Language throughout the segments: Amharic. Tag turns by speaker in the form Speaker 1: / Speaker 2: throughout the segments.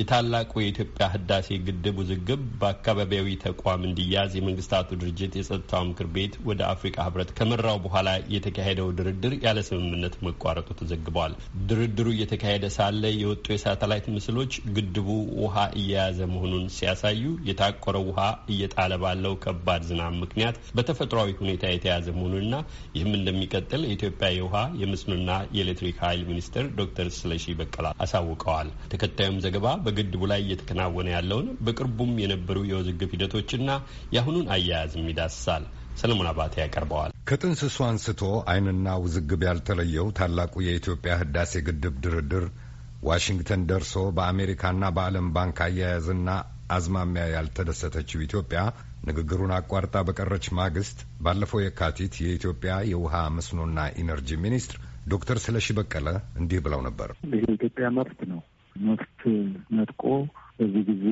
Speaker 1: የታላቁ የኢትዮጵያ ህዳሴ ግድብ ውዝግብ በአካባቢያዊ ተቋም እንዲያዝ የመንግስታቱ ድርጅት የጸጥታው ምክር ቤት ወደ አፍሪካ ህብረት ከመራው በኋላ የተካሄደው ድርድር ያለ ስምምነት መቋረጡ ተዘግቧል። ድርድሩ እየተካሄደ ሳለ የወጡ የሳተላይት ምስሎች ግድቡ ውሃ እየያዘ መሆኑን ሲያሳዩ የታቆረው ውሃ እየጣለ ባለው ከባድ ዝናብ ምክንያት በተፈጥሯዊ ሁኔታ የተያዘ መሆኑንና ይህም እንደሚቀጥል የኢትዮጵያ የውሃ የመስኖና የኤሌክትሪክ ኃይል ሚኒስትር ዶክተር ስለሺ በቀላ አሳውቀዋል። ተከታዩም ዘገባ በግድቡ ላይ እየተከናወነ ያለውን በቅርቡም የነበሩ የውዝግብ ሂደቶችና የአሁኑን አያያዝም ይዳስሳል። ሰለሞን አባቴ ያቀርበዋል።
Speaker 2: ከጥንስሱ አንስቶ አይንና ውዝግብ ያልተለየው ታላቁ የኢትዮጵያ ህዳሴ ግድብ ድርድር ዋሽንግተን ደርሶ በአሜሪካና በዓለም ባንክ አያያዝና አዝማሚያ ያልተደሰተችው ኢትዮጵያ ንግግሩን አቋርጣ በቀረች ማግስት ባለፈው የካቲት የኢትዮጵያ የውሃ መስኖና ኢነርጂ ሚኒስትር ዶክተር ስለሺ በቀለ እንዲህ ብለው ነበር። ይህ
Speaker 3: የኢትዮጵያ መብት ነው። መብት ነጥቆ በዚህ ጊዜ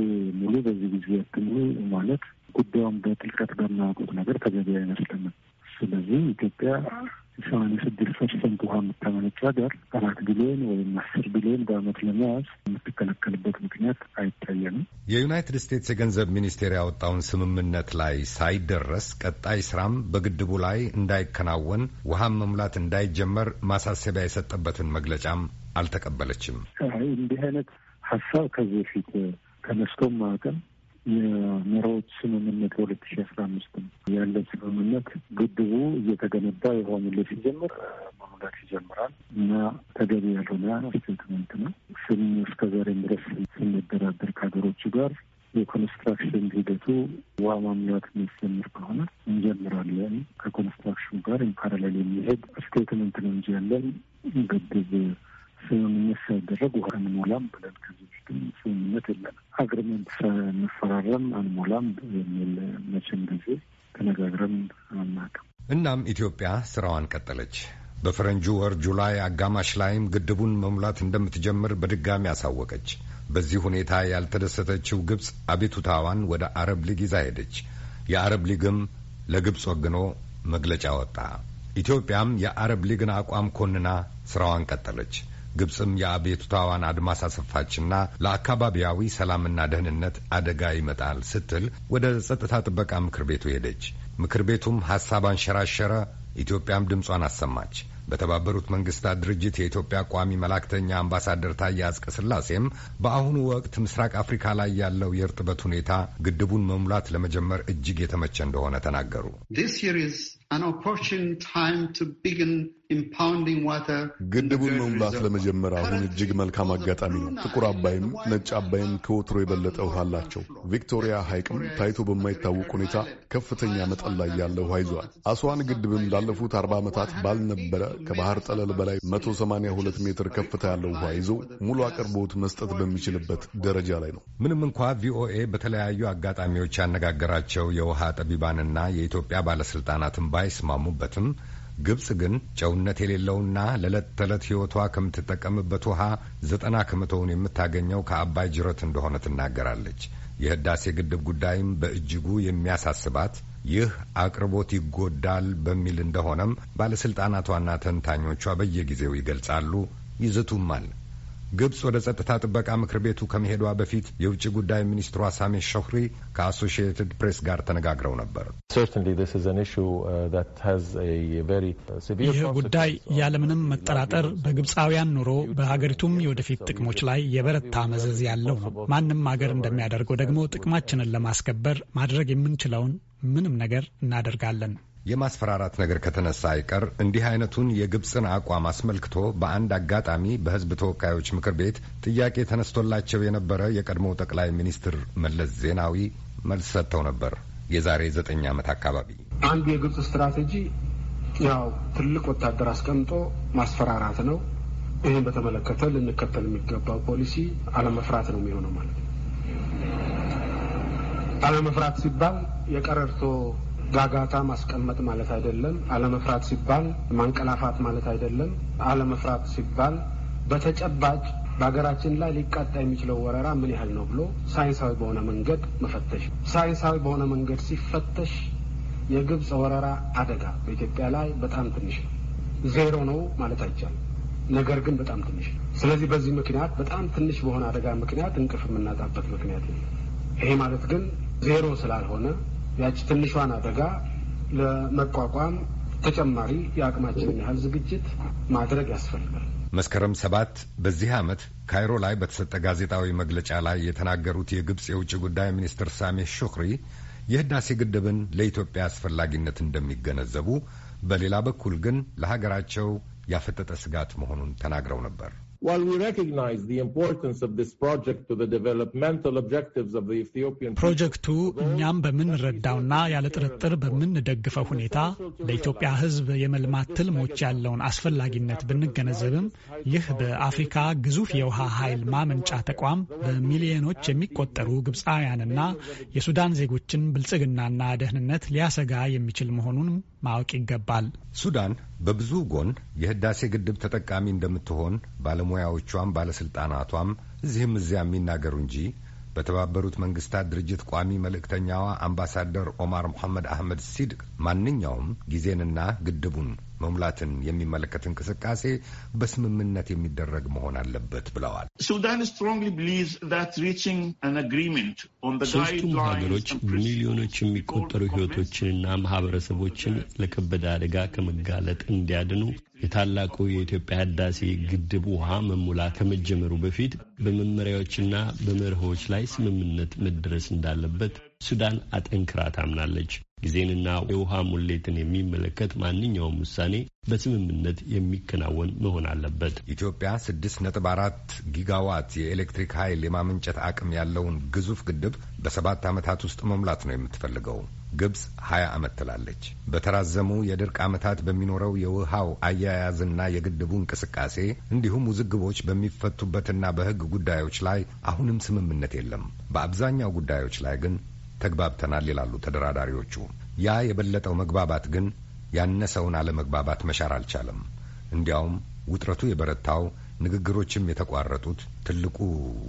Speaker 3: ሙሉ በዚህ ጊዜ ያትሙ ማለት ጉዳዩን በጥልቀት በማያውቁት ነገር ተገቢ አይመስልንም። ስለዚህ ኢትዮጵያ ሰማንያ ስድስት ፐርሰንት ውሃ የምታመነጭ ሀገር አራት ቢሊዮን ወይም አስር ቢሊዮን በዓመት ለመያዝ የምትከለከልበት ምክንያት አይታየንም።
Speaker 2: የዩናይትድ ስቴትስ የገንዘብ ሚኒስቴር ያወጣውን ስምምነት ላይ ሳይደረስ ቀጣይ ስራም በግድቡ ላይ እንዳይከናወን ውሃም መሙላት እንዳይጀመር ማሳሰቢያ የሰጠበትን መግለጫም አልተቀበለችም።
Speaker 3: እንዲህ አይነት ሀሳብ ከዚህ በፊት ተነስቶም አቅም የመራዎች ስምምነት ሁለት ሺ አስራ አምስት ያለ ስምምነት ግድቡ እየተገነባ የሆኑለት ሲጀምር መሙላት ይጀምራል እና ተገቢ ያልሆነ ስቴትመንት ነው። ስም እስከ ዛሬም ድረስ ስንደራደር ከሀገሮቹ ጋር የኮንስትራክሽን ሂደቱ ውሃ ማምላት የሚጀምር ከሆነ እንጀምራለን ከኮንስትራክሽን ጋር ኢን ፓራሌል የሚሄድ ስቴትመንት ነው እንጂ ያለን ግድብ ስምምነት ሳይደረግ ውሃ አንሞላም ብለን ከዚህ ውስጥም ስምምነት የለን። አግሪመንት ሳንፈራረም አንሞላም የሚል መቼም ጊዜ ተነጋግረን አናውቅም።
Speaker 2: እናም ኢትዮጵያ ስራዋን ቀጠለች። በፈረንጁ ወር ጁላይ አጋማሽ ላይም ግድቡን መሙላት እንደምትጀምር በድጋሚ አሳወቀች። በዚህ ሁኔታ ያልተደሰተችው ግብፅ አቤቱታዋን ወደ አረብ ሊግ ይዛ ሄደች። የአረብ ሊግም ለግብፅ ወግኖ መግለጫ ወጣ። ኢትዮጵያም የአረብ ሊግን አቋም ኮንና ስራዋን ቀጠለች። ግብፅም የአቤቱታዋን አድማስ አሰፋችና ለአካባቢያዊ ሰላምና ደህንነት አደጋ ይመጣል ስትል ወደ ጸጥታ ጥበቃ ምክር ቤቱ ሄደች። ምክር ቤቱም ሐሳብ አንሸራሸረ። ኢትዮጵያም ድምጿን አሰማች። በተባበሩት መንግስታት ድርጅት የኢትዮጵያ ቋሚ መላእክተኛ አምባሳደር ታዬ አጽቀ ሥላሴም በአሁኑ ወቅት ምስራቅ አፍሪካ ላይ ያለው የእርጥበት ሁኔታ ግድቡን መሙላት ለመጀመር እጅግ የተመቸ እንደሆነ ተናገሩ። ግድቡን መሙላት ለመጀመር አሁን እጅግ መልካም አጋጣሚ ነው። ጥቁር አባይም
Speaker 1: ነጭ አባይም ከወትሮ የበለጠ ውሃ አላቸው። ቪክቶሪያ ሐይቅም ታይቶ በማይታወቅ ሁኔታ ከፍተኛ መጠን ላይ ያለ ውሃ ይዘዋል። አስዋን ግድብም ላለፉት አርባ ዓመታት ባልነበረ ከባህር ጠለል በላይ 182 ሜትር ከፍታ ያለው ውሃ ይዞ ሙሉ አቅርቦት መስጠት
Speaker 2: በሚችልበት ደረጃ ላይ ነው። ምንም እንኳ ቪኦኤ በተለያዩ አጋጣሚዎች ያነጋገራቸው የውሃ ጠቢባንና የኢትዮጵያ ባለስልጣናትን ባይስማሙበትም ግብጽ ግን ጨውነት የሌለውና ለዕለት ተዕለት ሕይወቷ ከምትጠቀምበት ውሃ ዘጠና ከመቶውን የምታገኘው ከአባይ ጅረት እንደሆነ ትናገራለች። የህዳሴ ግድብ ጉዳይም በእጅጉ የሚያሳስባት ይህ አቅርቦት ይጎዳል በሚል እንደሆነም ባለሥልጣናቷና ተንታኞቿ በየጊዜው ይገልጻሉ ይዝቱማል። ግብፅ ወደ ጸጥታ ጥበቃ ምክር ቤቱ ከመሄዷ በፊት የውጭ ጉዳይ ሚኒስትሯ ሳሜ ሾክሪ ከአሶሺየትድ ፕሬስ ጋር ተነጋግረው ነበር።
Speaker 1: uh, uh, ይህ ጉዳይ ያለምንም መጠራጠር በግብፃውያን ኑሮ፣ በሀገሪቱም የወደፊት ጥቅሞች ላይ የበረታ መዘዝ ያለው ነው። ማንም ሀገር እንደሚያደርገው ደግሞ ጥቅማችንን ለማስከበር ማድረግ የምንችለውን ምንም ነገር እናደርጋለን።
Speaker 2: የማስፈራራት ነገር ከተነሳ አይቀር እንዲህ አይነቱን የግብፅን አቋም አስመልክቶ በአንድ አጋጣሚ በሕዝብ ተወካዮች ምክር ቤት ጥያቄ ተነስቶላቸው የነበረ የቀድሞ ጠቅላይ ሚኒስትር መለስ ዜናዊ መልስ ሰጥተው ነበር። የዛሬ ዘጠኝ ዓመት አካባቢ
Speaker 1: አንዱ የግብፅ ስትራቴጂ ያው ትልቅ ወታደር አስቀምጦ ማስፈራራት ነው። ይህን በተመለከተ ልንከተል የሚገባው ፖሊሲ አለመፍራት ነው የሚሆነው ማለት ነው። አለመፍራት ሲባል የቀረርቶ ጋጋታ ማስቀመጥ ማለት አይደለም። አለመፍራት ሲባል ማንቀላፋት ማለት አይደለም። አለመፍራት ሲባል በተጨባጭ በሀገራችን ላይ ሊቃጣ የሚችለው ወረራ ምን ያህል ነው ብሎ ሳይንሳዊ በሆነ መንገድ መፈተሽ። ሳይንሳዊ በሆነ መንገድ ሲፈተሽ የግብፅ ወረራ አደጋ በኢትዮጵያ ላይ በጣም ትንሽ ነው። ዜሮ ነው ማለት አይቻልም፣ ነገር ግን በጣም ትንሽ ነው። ስለዚህ በዚህ ምክንያት በጣም ትንሽ በሆነ አደጋ ምክንያት እንቅልፍ የምናጣበት ምክንያት ነው ይሄ ማለት ግን ዜሮ ስላልሆነ ያቺ ትንሿን አደጋ ለመቋቋም ተጨማሪ የአቅማችንን ያህል ዝግጅት ማድረግ ያስፈልጋል።
Speaker 2: መስከረም ሰባት በዚህ ዓመት ካይሮ ላይ በተሰጠ ጋዜጣዊ መግለጫ ላይ የተናገሩት የግብፅ የውጭ ጉዳይ ሚኒስትር ሳሜ ሹክሪ የህዳሴ ግድብን ለኢትዮጵያ አስፈላጊነት እንደሚገነዘቡ፣ በሌላ በኩል ግን ለሀገራቸው ያፈጠጠ ስጋት መሆኑን ተናግረው ነበር። ፕሮጀክቱ እኛም በምንረዳውና
Speaker 1: ያለ ጥርጥር በምንደግፈው ሁኔታ ለኢትዮጵያ ሕዝብ የመልማት ትልሞች ያለውን አስፈላጊነት ብንገነዘብም ይህ በአፍሪካ ግዙፍ የውሃ ኃይል ማመንጫ ተቋም በሚሊዮኖች የሚቆጠሩ ግብፃውያንና የሱዳን ዜጎችን ብልጽግናና ደህንነት ሊያሰጋ የሚችል መሆኑን ማወቅ ይገባል።
Speaker 2: ሱዳን በብዙ ጎን የህዳሴ ግድብ ተጠቃሚ እንደምትሆን ባለሙያዎቿም ባለስልጣናቷም እዚህም እዚያ የሚናገሩ እንጂ በተባበሩት መንግስታት ድርጅት ቋሚ መልእክተኛዋ አምባሳደር ኦማር መሐመድ አህመድ ሲድቅ ማንኛውም ጊዜንና ግድቡን መሙላትን የሚመለከት እንቅስቃሴ በስምምነት የሚደረግ መሆን አለበት ብለዋል።
Speaker 1: ሶስቱም ሀገሮች
Speaker 2: ሚሊዮኖች የሚቆጠሩ
Speaker 1: ሕይወቶችንና ማህበረሰቦችን ለከበድ አደጋ ከመጋለጥ እንዲያድኑ የታላቁ የኢትዮጵያ ህዳሴ ግድብ ውሃ መሙላት ከመጀመሩ በፊት በመመሪያዎችና በመርሆች ላይ ስምምነት መድረስ እንዳለበት ሱዳን አጠንክራ ታምናለች። ጊዜንና የውሃ ሙሌትን የሚመለከት ማንኛውም ውሳኔ በስምምነት
Speaker 2: የሚከናወን መሆን አለበት። ኢትዮጵያ 6.4 ጊጋዋት የኤሌክትሪክ ኃይል የማመንጨት አቅም ያለውን ግዙፍ ግድብ በሰባት ዓመታት ውስጥ መሙላት ነው የምትፈልገው። ግብፅ 20 ዓመት ትላለች። በተራዘሙ የድርቅ ዓመታት በሚኖረው የውሃው አያያዝና የግድቡ እንቅስቃሴ እንዲሁም ውዝግቦች በሚፈቱበትና በሕግ ጉዳዮች ላይ አሁንም ስምምነት የለም። በአብዛኛው ጉዳዮች ላይ ግን ተግባብተናል ይላሉ ተደራዳሪዎቹ። ያ የበለጠው መግባባት ግን ያነሰውን አለመግባባት መሻር አልቻለም። እንዲያውም ውጥረቱ የበረታው ንግግሮችም የተቋረጡት ትልቁ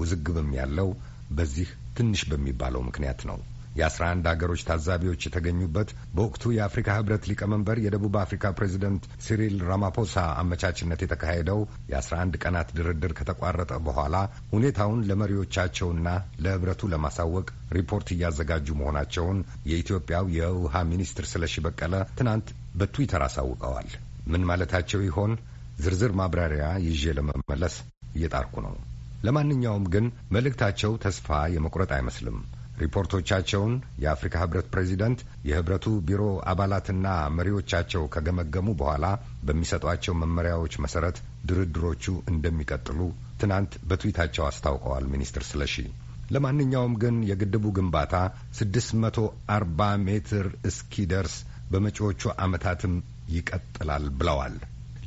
Speaker 2: ውዝግብም ያለው በዚህ ትንሽ በሚባለው ምክንያት ነው። የ11 ሀገሮች ታዛቢዎች የተገኙበት በወቅቱ የአፍሪካ ህብረት ሊቀመንበር የደቡብ አፍሪካ ፕሬዚደንት ሲሪል ራማፖሳ አመቻችነት የተካሄደው የ11 ቀናት ድርድር ከተቋረጠ በኋላ ሁኔታውን ለመሪዎቻቸውና ለህብረቱ ለማሳወቅ ሪፖርት እያዘጋጁ መሆናቸውን የኢትዮጵያው የውሃ ሚኒስትር ስለሺ በቀለ ትናንት በትዊተር አሳውቀዋል። ምን ማለታቸው ይሆን? ዝርዝር ማብራሪያ ይዤ ለመመለስ እየጣርኩ ነው። ለማንኛውም ግን መልእክታቸው ተስፋ የመቁረጥ አይመስልም። ሪፖርቶቻቸውን የአፍሪካ ህብረት ፕሬዚደንት የህብረቱ ቢሮ አባላትና መሪዎቻቸው ከገመገሙ በኋላ በሚሰጧቸው መመሪያዎች መሰረት ድርድሮቹ እንደሚቀጥሉ ትናንት በትዊታቸው አስታውቀዋል። ሚኒስትር ስለሺ ለማንኛውም ግን የግድቡ ግንባታ 640 ሜትር እስኪደርስ በመጪዎቹ ዓመታትም ይቀጥላል ብለዋል።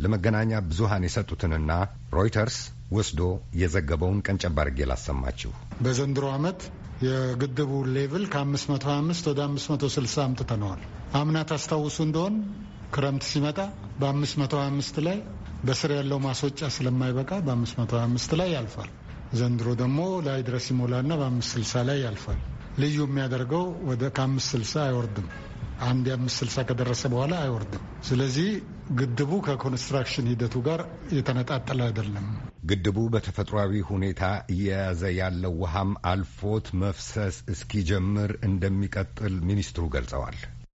Speaker 2: ለመገናኛ ብዙሃን የሰጡትንና ሮይተርስ ወስዶ የዘገበውን ቀንጨባርጌ ላሰማችሁ።
Speaker 3: በዘንድሮ ዓመት የግድቡ ሌቭል ከ525 ወደ 560 አምጥተነዋል። አምና ታስታውሱ እንደሆን ክረምት ሲመጣ በ525 ላይ በስር ያለው ማስወጫ ስለማይበቃ በ525 ላይ ያልፋል። ዘንድሮ ደግሞ ላይ ድረስ ይሞላና በ560 ላይ ያልፋል። ልዩ የሚያደርገው ወደ ከ560 አይወርድም። አንድ የ560 ከደረሰ በኋላ አይወርድም። ስለዚህ ግድቡ ከኮንስትራክሽን ሂደቱ ጋር የተነጣጠለ አይደለም።
Speaker 2: ግድቡ በተፈጥሯዊ ሁኔታ እየያዘ ያለው ውሃም አልፎት መፍሰስ እስኪጀምር እንደሚቀጥል ሚኒስትሩ ገልጸዋል።